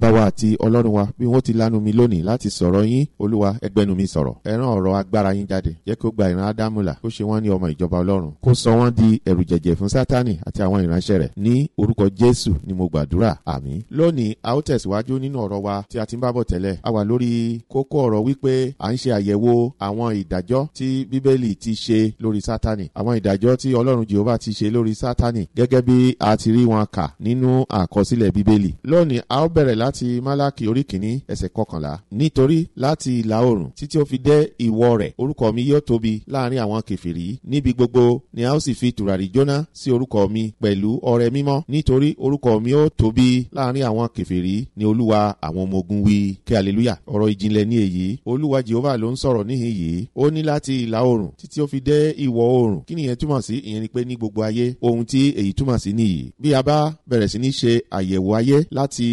bàbá wa àti ọlọ́run wa bí wọ́n ti lanu mi lónìí láti sọ̀rọ̀ yín olúwa ẹgbẹ́nu mi sọ̀rọ̀ ẹran ọ̀rọ̀ agbára yín jáde jẹ́ kó gba ìran ádámù kó ṣe wọ́n ní ọmọ ìjọba ọlọ́run kó sọ wọ́n di ẹ̀rù jẹ̀jẹ̀ fún sátánì àti àwọn ìránṣẹ́ rẹ̀ ní orúkọ jésù ni mo gbàdúrà àmín lónìí a ó tẹ̀síwájú nínú ọ̀rọ̀ wa tí a ti ń bábọ̀ tẹ́lẹ̀ a wà lórí kókó ọ̀rọ̀ wípé à ń ṣe àyẹ̀wò àwọn ìdájọ́ tí bíbélì ti ṣe lórí sátánì àwọn ìdájọ́ tí ọlọ́run jehova ti ṣe lórí sátánì gẹ́gẹ́ bí a ti rí wọn kà nínú àkọsílẹ̀ bíbélì lónìí a ó bẹ̀rẹ̀ láti Málákì orí kìíní ẹsẹ̀ kọkànlá. Nítorí láti ìlà oòrùn títí ó fi dé ìwọ̀ rẹ̀ orúkọ mi yóò tóbi láàrin àwọn kèfèrí níbi gbogbo ni a ó sì fi tùràrí jóná sí orúkọ mi pẹ̀lú ọrẹ mímọ́ nítorí orúkọ mi ó tóbi láàrin àwọn kèfèrí ni Olúwa àwọn ọmọ ogun wí. Kí aleluya ọ̀rọ̀ ìjìnlẹ̀ ní èyí Olúwa Jehova ló ń sọ̀rọ̀ níhìn yìí ó ní láti ìlà oòrùn títí ó fi dé ìwọ̀ oòrùn kí nìyẹn túmọ̀ sí ìyẹn ni pé ní gbogbo ayé ohun tí èyí túmọ̀ sí nìyí bí a bá bẹ̀rẹ̀ sí ní ṣe àyẹ̀wò ayé láti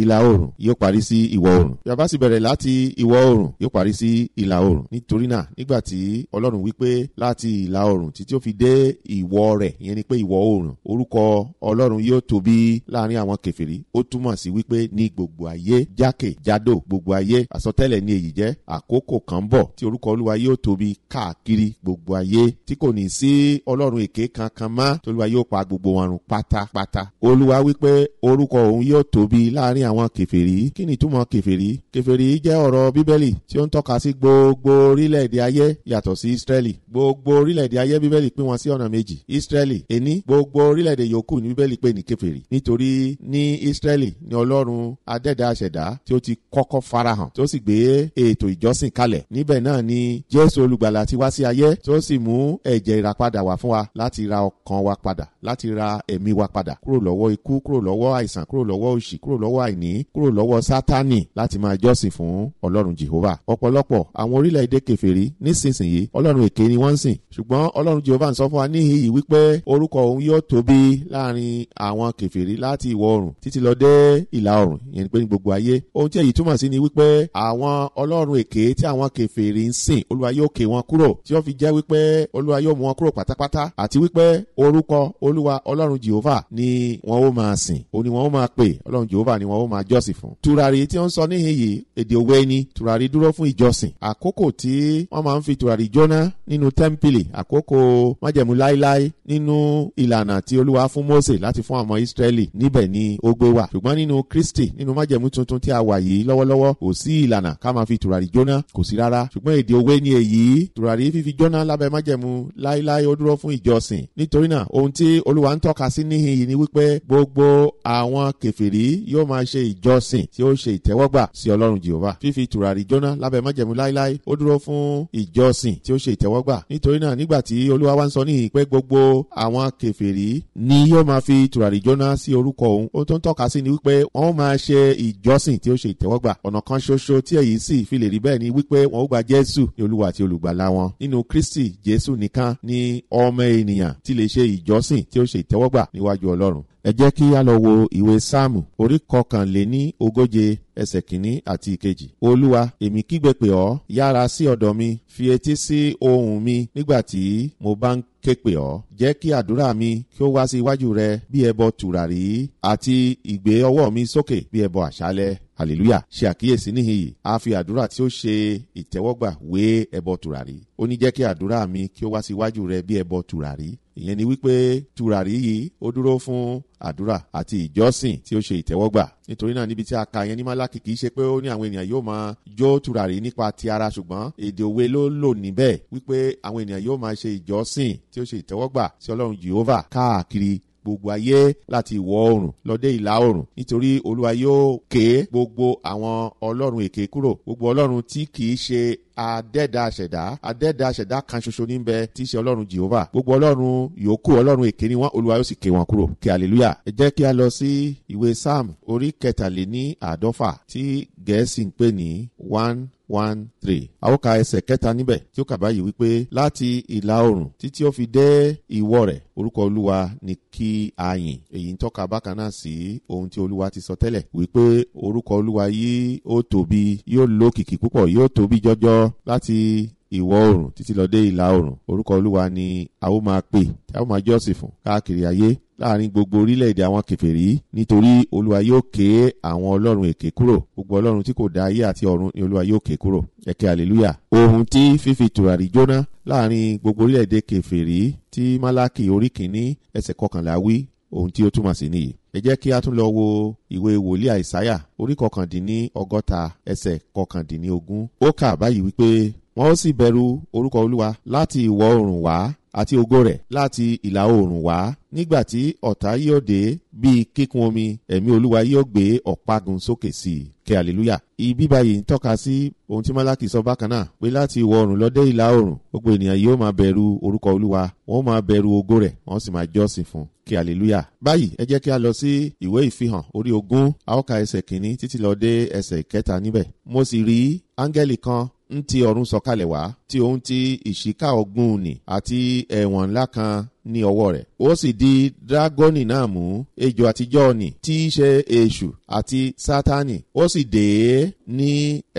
ìlà ìlà oòrùn yóò parí sí ìwọ̀ oòrùn bí a bá sì bẹ̀rẹ̀ láti ìwọ̀ oòrùn yóò parí sí ìlà oòrùn nítorí náà nígbà tí ọlọ́run wípé láti ìlà oòrùn títí ó fi dé ìwọ̀ rẹ̀ ìyẹn ni pé ìwọ̀ oòrùn orúkọ ọlọ́run yóò tóbi láàrin àwọn kèfèrí ó túmọ̀ sí wípé ní gbogbo ayé jákèjádò gbogbo ayé àsọtẹ́lẹ̀ ni èyí jẹ́ àkókò kan bọ̀ tí orúkọ olúwa yóò tóbi káàkiri gbogbo ayé tí kò ní sí ọlọ́run èké kankan mọ́ tolúwa yóò pa gbogbo wọn run pátápátá olúwa wípé orúkọ òun yóò tóbi láàrin àwọn àwọn kèfèrí kí ni túmọ̀ kèfèrí kèfèrí jẹ́ ọ̀rọ̀ bíbélì tí ó ń tọ́ka sí gbogbo orílẹ̀-èdè ayé yàtọ̀ sí Ísírẹ́lì gbogbo orílẹ̀-èdè ayé bíbélì pín wọn sí ọ̀nà méjì Ísírẹ́lì ení gbogbo orílẹ̀-èdè yòókù ní bíbélì pè ní kèfèrí nítorí ní Ísírẹ́lì ni Ọlọ́run adẹ́dá aṣẹ̀dá tí ó ti kọ́kọ́ farahàn tí ó sì gbé ètò ìjọsìn kalẹ̀ níbẹ̀ náà ni Jésù olùgbàlà ti wá sí ayé tí ó sì mú ẹ̀jẹ̀ ìràpadà wá fún wa láti ra ọkàn wa padà láti ra ẹ̀mí wa padà kúrò lọ́wọ́ ikú kúrò lọ́wọ́ àìsàn kúrò lọ́wọ́ òṣì kúrò lọ́wọ́ àìní àǹfààní kúrò lọ́wọ́ sátánì láti máa jọ́sìn fún ọlọ́run jehova ọ̀pọ̀lọpọ̀ àwọn orílẹ̀-èdè kèfèrí nísinsìnyí ọlọ́run èké ni wọ́n ń sìn ṣùgbọ́n ọlọ́run jehova ń sọ fún wa níhìnyí wípé orúkọ òun yóò tóbi láàrin àwọn kèfèrí láti ìwọ̀ oòrùn títí lọ dé ìlà oòrùn ìyẹn ni pé ní gbogbo ayé ohun tí èyí túmọ̀ sí ni wípé àwọn ọlọ́run èké tí àwọn kèfèrí ń sìn olúwa yóò ké wọn kúrò tí ó fi jẹ́ wípé olúwa yóò mú wọn kúrò pátápátá àti wípé orúkọ olúwa ọlọ́run jehova ni wọn ó máa sìn òun ni wọn ó máa pè ọlọ́run jehova ni wọn ó máa jọ́sìn fún. tùràrí tí wọ́n sọ níhìn yìí èdè òwe ni tùràrí dúró fún ìjọsìn. àkókò tí wọ́n máa ń fi tùràrí jóná nínú tẹ́ḿpìlì àkókò májẹ̀mú láíláí nínú ìlànà tí olúwa fún Mósè láti fún àwọn Ísírẹ́lì níbẹ̀ ni ó gbé wà. ṣùgbọ́n nínú Kristi nínú májẹ̀mú tuntun tí a wà yìí lọ́wọ́lọ́wọ́ kò sí ìlànà ká máa fi tùràrí jóná kò sí rárá. ṣùgbọ́n èdè òwe ni èyí tùràrí fífi jóná lábẹ́ májẹ̀mú láíláí ó dúró fún ìjọsìn. nítorí náà ohun tí olúwa ń tọ́ka sí níhìn yìí ni wípé gbogbo àwọn kèfèrí yóò máa ṣe ìjọsìn tí ó ṣe ìtẹ́wọ́gbà sí ọlọ́run jehova fífi tùràrí jóná lábẹ́ májẹ̀mú láíláí ó dúró fún ìjọsìn tí ó ṣe ìtẹ́wọ́gbà nítorí náà nígbà tí olúwa wá ń sọ níhìn pé gbogbo àwọn kèfèrí ni yóò máa fi tùràrí jóná sí orúkọ òun ó tó ń tọ́ka sí ni wípé wọ́n máa ṣe ìjọsìn tí ó ṣe ìtẹ́wọ́gbà ọ̀nà kan ṣoṣo tí èyí sì fi lè rí bẹ́ẹ̀ ni wípé wọ́n ó gba jésù ní olúwa àti olùgbàlà wọn nínú kristi jésù nìkan ni ọmọ ènìyàn ti lè ṣe ìjọsìn tí ó ṣe ìtẹ́wọ́gbà níwájú ọlọ́run ẹ jẹ́ kí a lọ wo ìwé sáàmù orí kọkànléní ogóje ẹsẹ̀ kìíní àti ìkejì. olúwa èmi kígbe pè ọ́ yára sí ọ̀dọ̀ mi fi etí sí ohùn mi nígbà tí mo bá ń ké pè ọ́ jẹ́ kí àdúrà mi kí ó wá sí iwájú rẹ bí ẹbọ tùràrí àti ìgbé ọwọ́ mi sókè bí ẹbọ àṣálẹ́ hallelujah ṣe àkíyèsí níhìnyí a fi àdúrà tí ó ṣe ìtẹ́wọ́gbà wé ẹbọ tùràrí ó ní jẹ́ kí àdúrà mi kí ó wá sí iwájú rẹ bí ẹbọ tùràrí ìyẹn ni wípé tùràrí yìí ó dúró fún àdúrà àti ìjọsìn tí ó ṣe ìtẹ́wọ́gbà nítorí náà níbi tí a kà yẹn ní Málákì kì í ṣe pé ó ní àwọn ènìyàn yóò máa jó tùràrí nípa ti ara ṣùgbọ́n èdè òwe ló lò níbẹ̀ wípé àwọn ènìyàn yóò máa ṣe ìjọsìn tí ó ṣe ìtẹ́wọ́gbà sí Ọlọ́run Jehovah káàkiri gbogbo ayé láti ìwọ̀ oòrùn lọ ìlà oòrùn nítorí olúwa yóò ké gbogbo àwọn ọlọ́run èké kúrò gbogbo ọlọ́run tí kìí ṣe adẹ́dá àṣẹ̀dá adẹ́dá àṣẹ̀dá kan ṣoṣo níbẹ̀ tí í ṣe ọlọ́run jehova gbogbo ọlọ́run yòókù ọlọ́run èké ni wọ́n olúwa yóò sì ké wọn kúrò kí hallelujah ẹ jẹ́ kí a lọ sí ìwé psalm orí kẹtàléní àádọ́fà tí gẹ̀ẹ́sì ń pè ní one one three. àwọn ka ẹsẹ̀ kẹta níbẹ̀ tí ó kà báyìí wípé láti ìlà oòrùn títí ó fi dé ìwọ̀ rẹ̀ orúkọ olúwa ni kí a yìn èyí ń tọ́ka bákan náà sí ohun tí olúwa ti sọ tẹ́lẹ̀ wípé orúkọ olúwa yìí ó tóbi yóò lókìkí púpọ̀ yóò tóbi jọjọ láti ìwọ̀ oòrùn títí lọ dé ìlà oòrùn orúkọ olúwa ni a ó máa pè tí a ó máa jọ́sìn fún káàkiri ayé láàrin gbogbo orílẹ̀-èdè àwọn kèfèrí nítorí olúwa yóò ké àwọn ọlọ́run èké kúrò gbogbo ọlọ́run tí kò dá ayé àti ọ̀run ni olúwa yóò ké kúrò ẹ̀kẹ́ hallelujah ohun tí fífi tùràrí jóná láàrin gbogbo orílẹ̀-èdè kèfèrí tí málákì orí kìíní ẹsẹ̀ kọkànlá wí ohun tí ó túmọ̀ sí nìyí ẹ jẹ́ kí a tún lọ wo ìwé wòlíì àìsáyà orí kọkàndínní ọgọ́ta ẹsẹ̀ kọkàndínní ogún ó kà báyìí wípé wọ́n ó sì bẹ̀rù orúkọ olúwa láti ìwọ̀ oòrùn wá àti ògo rẹ̀ láti ìlà oòrùn wá nígbà tí ọ̀tá yóò dé bíi kíkún omi ẹ̀mí olúwa yóò gbé ọ̀págun sókè sí i kẹ́ hallelujah. ibi báyìí ń tọ́ka sí ohun tí málákì sọ bákan náà pé láti ìwọ̀ oòrùn lọ dé ìlà oòrùn gbogbo ènìyàn yóò máa bẹ̀rù orúkọ olúwa wọ́n máa bẹ̀rù ògo rẹ̀ wọ́n sì máa jọ́sìn fún kẹ́ hallelujah. báyìí ẹ jẹ́ kí a lọ sí ìwé ìfihàn orí ogún a ẹsẹ̀ kìíní títí lọ dé ẹsẹ̀ ìkẹta níbẹ̀ mo sì rí áńgẹ́lì kan ń ti ọ̀run sọ̀kalẹ̀ wá tí òun ti ìṣíkà ọgbọ́n òní àti ẹ̀wọ̀n ńlá kan ní ọwọ́ rẹ̀. ó sì di dragoni náà mú ejò àtijọ́ ni tí í ṣe èṣù àti sátani ó sì dè é ní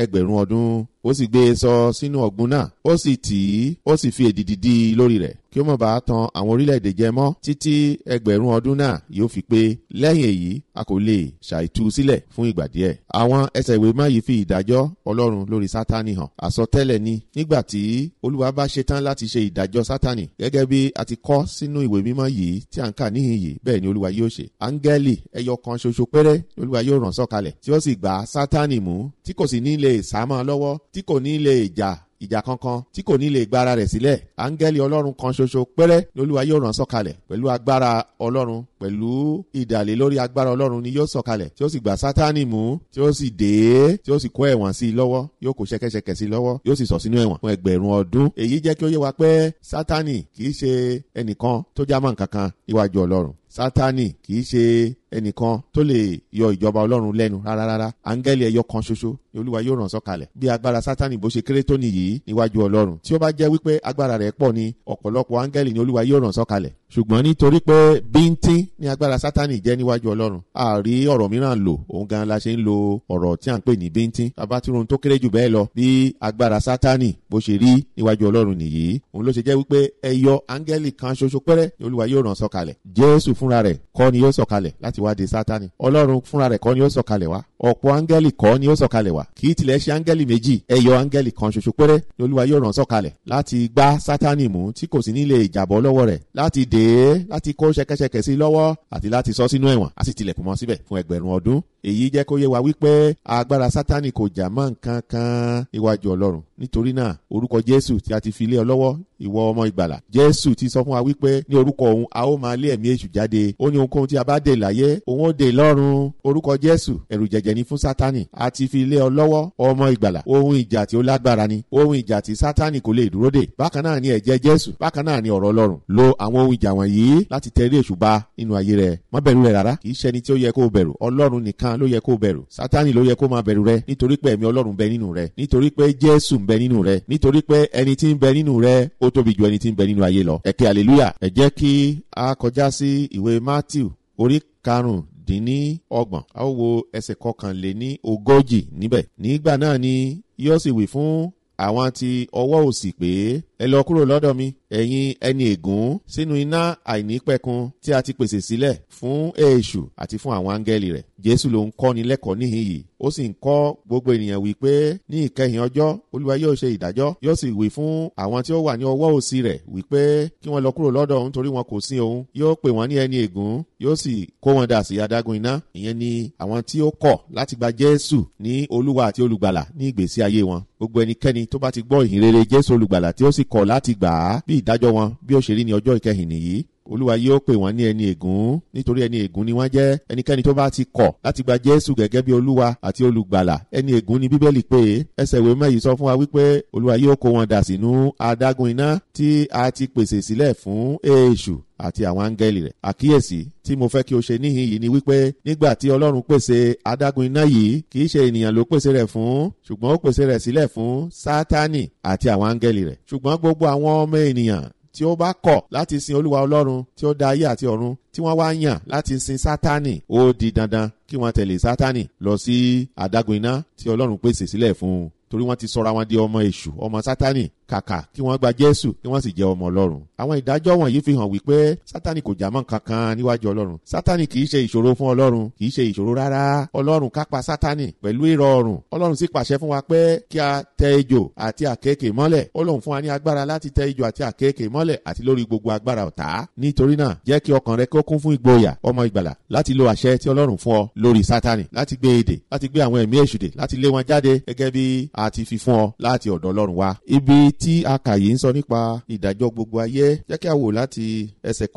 ẹgbẹ̀rún ọdún ó sì gbé e sọ sínú ọ̀gbun náà ó sì tì í ó sì fi èdìdì dí i lórí rẹ̀ kí ó má bàa tan àwọn orílẹ̀-èdè jẹ mọ́ títí ẹgbẹ̀rún ọdún náà yóò fi pé lẹ́yìn èyí a kò lè ṣàìtú sílẹ̀ fún ìgbà díẹ̀. àwọn ẹsẹ̀ ìwé má yìí fi ìdájọ́ ọlọ́run lórí sátani hàn àsọtẹ́lẹ̀ ni nígbà tí tí olúwa bá ṣe tán láti ṣe ìdájọ́ sátani gẹ́gẹ́ bí a ti kọ́ sínú ìwé mímọ́ yìí tí à ń kà níhìn yìí bẹ́ẹ̀ ni olúwa yóò ṣe áńgẹ́lì ẹyọ kan ṣoṣo péré ni olúwa yóò rán sọ̀kalẹ̀ tí ó sì gbá sátani mú tí kò sì ní lè sá mọ́ lọ́wọ́ tí kò ní lè jà ìjà kankan tí kò ní lè gbára rẹ̀ sílẹ̀ áńgẹ́lì ọlọ́run kan ṣoṣo péré lolúwa yóò rán sọ̀kalẹ̀ pẹ̀lú agbára ọlọ́run pẹ̀lú ìdàlẹ́ lórí agbára ọlọ́run ni yóò sọ̀kalẹ̀ tí ó sì gbà sátánì mú tí ó sì dé tí ó sì kó ẹ̀wọ̀n sí i lọ́wọ́ yóò kó ṣẹ̀kẹ̀ṣẹ̀kẹ̀ sí i lọ́wọ́ yóò sì sọ sínú ẹ̀wọ̀n fún ẹgbẹ̀rún ọdún èyí jẹ́ kí ó yé wa pé sátánì kì í ṣe ẹnìkan tó já mọ́ nǹkan kan níwájú ọlọ́run sátánì kì í ṣe ẹnìkan tó lè yọ ìjọba ọlọ́run lẹ́nu rárá rárá áńgẹ́lì ẹyọ kan ṣoṣo ni olúwa yóò rán sọ̀kalẹ̀ bí agbára sátani bó ṣe kéré tó nìyí níwájú ọlọ́run tí ó bá jẹ́ wípé agbára rẹ̀ pọ̀ ni ọ̀pọ̀lọpọ̀ áńgẹ́lì ni olúwa yóò rán sọ̀kalẹ̀ ṣùgbọ́n nítorí pé bíntín ni agbára sátani jẹ́ níwájú ọlọ́run a rí ọ̀rọ̀ mìíràn lò òun gan la ṣe ń lo ọ̀rọ̀ tí à ń pè ní bíntín bàbá tí rohun tó kéré jù bẹ́ẹ̀ lọ bí agbára sátani bó ṣe rí níwájú ọlọ́run nìyí òun ló ṣe jẹ́ wípé ẹyọ áńgẹ́lì kan ṣoṣo péré ni olúwa yóò rán sọ̀kalẹ̀ jésù fúnra rẹ̀ kọ́ ni yóò sọ̀kalẹ̀ láti láti wá de sátani ọlọ́run fúnra rẹ̀ kọ́ ni ó sọ̀kalẹ̀ wá ọ̀pọ̀ áńgẹ́lì kọ́ ni ó sọ̀kalẹ̀ wá kì í tilẹ̀ ṣe áńgẹ́lì méjì ẹyọ áńgẹ́lì kan ṣoṣo péré ni olúwa yóò rán sọ̀kalẹ̀ láti gbá sátani mú tí kò sí nílé ìjàbọ̀ lọ́wọ́ rẹ̀ láti dè é láti kó ṣẹkẹṣẹkẹ sí lọ́wọ́ àti láti sọ sínú ẹ̀wọ̀n á sì tilẹ̀kùn mọ́ síbẹ̀ fún ẹgbẹ̀rún ọdún èyí jẹ́ kó yé wa wípé agbára sátani kò jà mọ́ nǹkan kan iwájú ọlọ́run nítorí náà orúkọ jésù tí a ti fi lé ọ lọ́wọ́ ìwọ ọmọ ìgbàlà jésù ti sọ fún wa wípé ní orúkọ òun a ó máa lé ẹ̀mí èṣù jáde ó ní ohunkóhun tí a bá dè láyé òun ó dè lọ́run orúkọ jésù ẹ̀rù jẹ̀jẹ̀ ni fún sátani a ti fi lé ọ lọ́wọ́ ọmọ ìgbàlà ohun ìjà tí ó lágbára ni ohun ìjà tí sátani kò lè dúró dè bákan náà ni ẹ̀jẹ̀ jésù bákan náà ni ọ̀rọ̀ ọlọ́run lo àwọn ohun ìjà wọ̀nyí láti tẹrí èṣù ba nìkan ló yẹ kó bẹ̀rù sátánì ló yẹ kó máa bẹ̀rù rẹ nítorí pé ẹ̀mí ọlọ́run bẹ nínú rẹ nítorí pé jésù ń bẹ nínú rẹ nítorí pé ẹni tí ń bẹ nínú rẹ ó tóbi ju ẹni tí ń bẹ nínú ayé lọ ẹ̀kẹ́ hallelujah ẹ jẹ́ kí a kọjá sí ìwé matthew orí karùndínlọ́gbọ̀n a ó wo ẹsẹ̀ kọkànléní ogójì níbẹ̀ nígbà náà ni yóò sì wí fún àwọn ti ọwọ́ òsì pé ẹ lọ kúrò lọ́dọ̀ mi ẹ̀yin ẹni ègún sínú iná àìnípẹ̀kun tí a ti pèsè sílẹ̀ fún èṣù àti fún àwọn áńgẹ́lì rẹ̀ jésù ló ń kọ́ni lẹ́kọ̀ọ́ níhìn yìí ó sì ń kọ́ gbogbo ènìyàn wípé ní ìkẹyìn ọjọ́ olúwa yóò ṣe ìdájọ́ yóò sì wí fún àwọn tí ó wà ní ọwọ́ òsì rẹ̀ wípé kí wọ́n lọ kúrò lọ́dọ̀ òun torí wọn kò sin òun yóò pè wọ́n ní ẹni ègún yóò sì kó wọn dà sí adágún iná ìyẹn ni àwọn tí ó kọ̀ láti gba jésù ní olúwa àti olùgbàlà ní ìgbésí ayé wọn gbogbo ẹnikẹ́ni tó bá ti gbọ́ ìhìn rere jésù olùgbàlà tí ó sì kọ̀ láti gbà á bí ìdájọ́ wọn bí ó ṣe rí ní ọjọ́ ìkẹyìn nìyí olúwa yóò pè wọ́n ní ẹni ègún nítorí ẹni ègún ni wọ́n jẹ́ ẹnikẹ́ni tó bá ti kọ̀ láti gba jésù gẹ́gẹ́ bí olúwa àti olùgbàlà ẹni ègún ni bíbélì pè ẹsẹ̀ ìwé mẹ́yìí sọ fún wa wípé olúwa yóò kó wọn dà sínú adágún iná tí a ti pèsè sílẹ̀ fún èṣù àti àwọn áńgẹ́lì rẹ̀. àkíyèsí tí mo fẹ́ kí o ṣe níhìn yìí ni wípé nígbà tí ọlọ́run pèsè adágún iná yìí kì í ṣe ènìyàn ló pèsè rẹ̀ fún ṣùgbọ́n ó pèsè rẹ̀ sílẹ̀ fún sátánì àti àwọn áńgẹ́lì rẹ̀. ṣùgbọ́n gbogbo àwọn ọmọ ènìyàn tí ó bá kọ̀ láti sin olúwa ọlọ́run tí ó dá ayé àti ọ̀run tí wọ́n wá yàn láti sin sátánì ó di dandan kí wọ́n tẹ̀lé sátánì lọ sí adágún iná tí ọlọ́run pèsè sílẹ̀ fún un torí wọ́n ti sọra wọn di ọmọ èṣù ọmọ sátánì kàkà kí wọ́n gba jésù kí wọ́n sì jẹ́ ọmọ ọlọ́run àwọn ìdájọ́ wọ̀nyí fi hàn wípé sátani kò jámọ́ kankan níwájú ọlọ́run sátani kì í ṣe ìṣòro fún ọlọ́run kì í ṣe ìṣòro rárá ọlọ́run kápá sátani pẹ̀lú ìrọ̀rùn ọlọ́run sì pàṣẹ fún wa pé kí a tẹ ejò àti àkekèé mọ́lẹ̀ ó lóun fún wa ní agbára láti tẹ ejò àti àkekèé mọ́lẹ̀ àti lórí gbogbo agbára ọ̀tá nítorí náà jẹ́ kí ọkàn rẹ kó kún fún ìgboyà ọmọ ìgbàlà e ibi tí a akàyè ń sọ nípa ìdájọ́ gbogbo ayé jẹ́ kí a wò láti ẹsẹ̀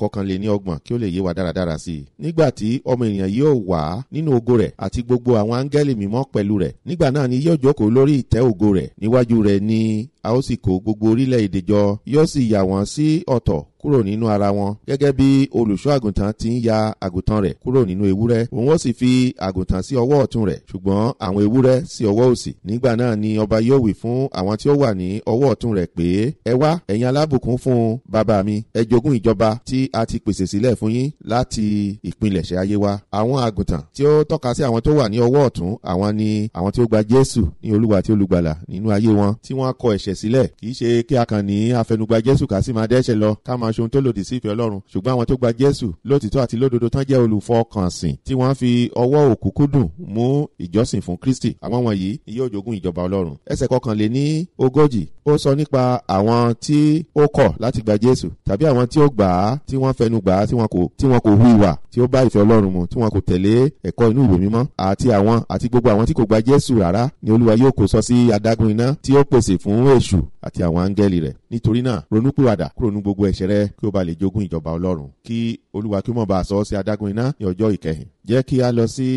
ní ọgbọ̀n kí ó lè yé wa dáradára sí i. nígbà tí ọmọ ènìyàn yóò wá nínú ògo rẹ̀ àti gbogbo àwọn áńgẹ́lì mímọ́ pẹ̀lú rẹ̀ nígbà náà ni yóò jókòó lórí ìtẹ́ ògo rẹ̀ níwájú rẹ̀ ni. a ó sì kó gbogbo orílẹ̀-èdè jọ yóò sì yà wọ́n sí ọ̀tọ̀ kúrò nínú ara wọn gẹ́gẹ́ bí olùṣọ́ àgùntàn ti ń ya àgùntàn rẹ̀ kúrò nínú ewúrẹ́ òun ó sì fi àgùntàn sí ọwọ́ ọ̀tún rẹ̀ ṣùgbọ́n àwọn ewúrẹ́ sí ọwọ́ òsì nígbà náà ni ọba yóò wí fún àwọn tí ó wà ní ọwọ́ ọ̀tún rẹ̀ pé ẹ wá ẹ̀yin alábùkún fún bàbá mi ẹ jogún ìjọba tí a ti pèsè sílẹ̀ fún yín láti ìpilẹ̀ṣẹ̀ ayé wa àwọn àgùntàn tí ó tọ́ka sí àwọn tó wà ní ọwọ́ ọ̀tún ni àwọn tí ó gba Jésù ní Olúwa àti Olùgbàlà ẹ̀ṣẹ̀ sílẹ̀ kì í ṣe kí a kàn ní afẹnugba Jésù ká sì máa dẹ́ṣẹ̀ lọ ká máa ṣohun tó lòdì sí ìfẹ́ Ọlọ́run ṣùgbọ́n àwọn tó gba Jésù lótìtọ́ àti lódodo tán jẹ́ olùfọkànsìn tí wọ́n fi ọwọ́ òkúkúdùn mú ìjọsìn fún Kristi àwọn wọ̀nyí ni yóò jogún ìjọba Ọlọ́run ẹsẹ̀ kọkànlé ní ogójì ó sọ nípa àwọn tí ó kọ̀ láti gba Jésù tàbí àwọn tí ó gbà á tí wọ́n fẹnu gbà á tí wọn kò tí tí ó bá ìfẹ́ Ọlọ́run mu tí wọn kò tẹ̀lé ẹ̀kọ́ inú ìwé mímọ́ àti àwọn àti gbogbo àwọn tí kò gba Jésù rárá ni Olúwa yóò kó sọ sí adágún iná tí ó pèsè fún èṣù àti àwọn áńgẹ́lì rẹ̀ nítorí náà ronúpìwàdà kúrò ní gbogbo ẹ̀ṣẹ̀ rẹ kí o bá lè jogún ìjọba ọlọ́run kí olúwa kí mọ̀ bá a sọ ọ́ sí adágún iná ní ọjọ́ ìkẹyìn jẹ́ kí a lọ sí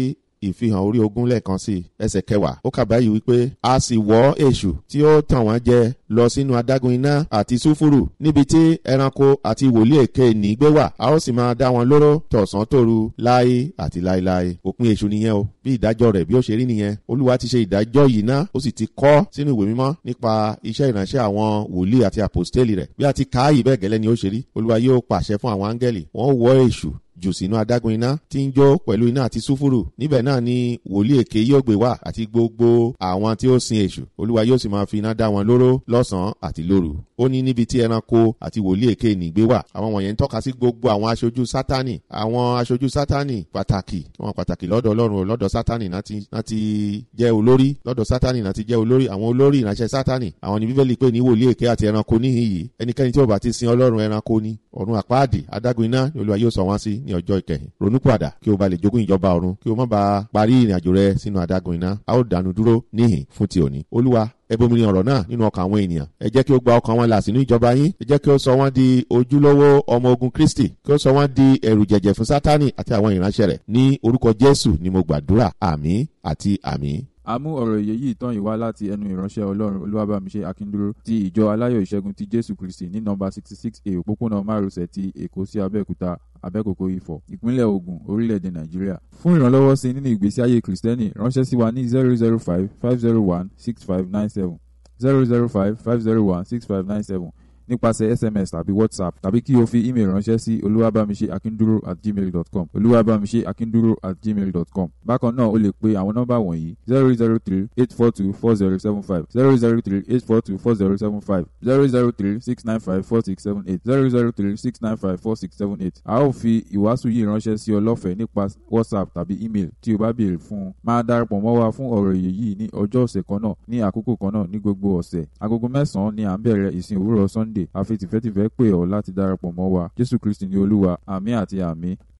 ìfihàn orí ogún lẹ́ẹ̀kan sí ẹsẹ̀ kẹwàá ó kà báyìí wípé a sì wọ́ èṣù tí ó tàn wọ́n jẹ lọ sínú adágún iná àti súfúrù níbi tí ẹranko àti wòlíì èké ní gbé wà a ó sì máa dá wọn lóró tọ̀sán tóru láé àti láéláé òpin èṣù nìyẹn o bí ìdájọ́ rẹ̀ bí ó ṣe rí nìyẹn olúwa ti ṣe ìdájọ́ yìí ná ó sì ti kọ́ sínú ìwé mímọ́ nípa iṣẹ́ ìránṣẹ́ àwọn wòlíì àti àpòstélì rẹ̀ bí a ti kà á ni ó ṣe rí olúwa yóò pàṣẹ fún àwọn áńgẹ́lì wọ́n wọ́ èṣù jù sínú adágún iná tí ń jó pẹ̀lú iná àti súfúrù níbẹ̀ náà ni wòlíì èké yóò gbé wá àti gbogbo àwọn tí ó sin èṣù olúwa yóò sì máa fi iná dá wọn lóró lọ́sàn-án àti lóru ó ní níbi tí ẹranko àti wòlíì èké nìgbé wà àwọn wọ̀nyẹn ń tọ́ka sí gbogbo àwọn aṣojú sátánì àwọn aṣojú sátánì pàtàkì wọn pàtàkì lọ́dọ̀ ọlọ́run lọ́dọ̀ sátánì náà ti jẹ́ olórí lọ́dọ̀ sátánì náà ti jẹ́ olórí àwọn olórí ìránṣẹ́ sátánì àwọn ni bíbélì pé ní wòlíì èké àti ẹranko níhìn yìí ẹnikẹ́ni tí ó bá ti sin ọlọ́run ẹranko ni ọ̀run àpáàdì adágún iná olúwa yóò sọ wọn sí ní ọjọ́ ìkẹyìn ronúpìwàdà kí o bá lè jogún ìjọba ọ̀run kí o má bàa parí ìrìn àjò rẹ sínú adágún iná a ó dànù dúró níhìn fún ti òní olúwa ẹ bomi ní ọ̀rọ̀ náà nínú ọkàn àwọn ènìyàn ẹ jẹ́ kí ó gba ọkàn wọn là sínú ìjọba yín ẹ jẹ́ kí ó sọ wọ́n di ojúlówó ọmọ ogun kristi kí ó sọ wọ́n di ẹ̀rù jẹ̀jẹ̀ fún sátánì àti àwọn ìránṣẹ́ rẹ̀ ní orúkọ jésù ni mo gbàdúrà àmín àti àmín a mú ọ̀rọ̀ ìyè yìí tán ìwá láti ẹnu ìránṣẹ́ ọlọ́run olúwàbàmíṣe akíndúró ti ìjọ aláyọ̀ ìṣẹ́gun ti jésù kristi ní nọ́mbà sixty six a òpópónà márosẹ̀ ti èkó sí abẹ́òkúta abẹ́kòkò ifọ̀ ìpínlẹ̀ ògùn orílẹ̀-èdè nàìjíríà fún ìrànlọ́wọ́ sí nínú ìgbésí ayé kìrìsìtẹ́nì ránṣẹ́ sí wa ní zero zero five five zero one six five nine seven zero zero five five zero one six five nine seven nípasẹ̀ sms tàbí whatsapp tàbí kí o fi email ránṣẹ́ sí olúwàbàmíṣe akíndúró at gmail dot com olúwàbàmíṣe akíndúró at gmail dot com bákan náà o lè pe àwọn nọ́mbà wọ̀nyí zero zero three eight four two four zero seven five zero zero three eight four two four zero seven five zero zero three six nine five four six seven eight zero zero three six nine five four six seven eight a ó fi ìwàásù yìí ránṣẹ́ sí ọ lọ́fẹ̀ẹ́ nípa whatsapp tàbí email tí o bá béèrè fún un máa darapọ̀ mọ́ wa fún ọ̀rọ̀ èyí yìí ní ọjọ́ ọ̀sẹ̀ kan náà ní àkókò kan náà ní gbogbo ọ̀sẹ̀ agogo mẹ́sàn-án ni à ń bẹ̀rẹ̀ ìsìn òwúrọ̀ sunday àfi tìfẹ́tìfẹ́ pè ọ́ láti darapọ̀ mọ́ wa Jésù Kristi ní Olúwa àmín àti àmín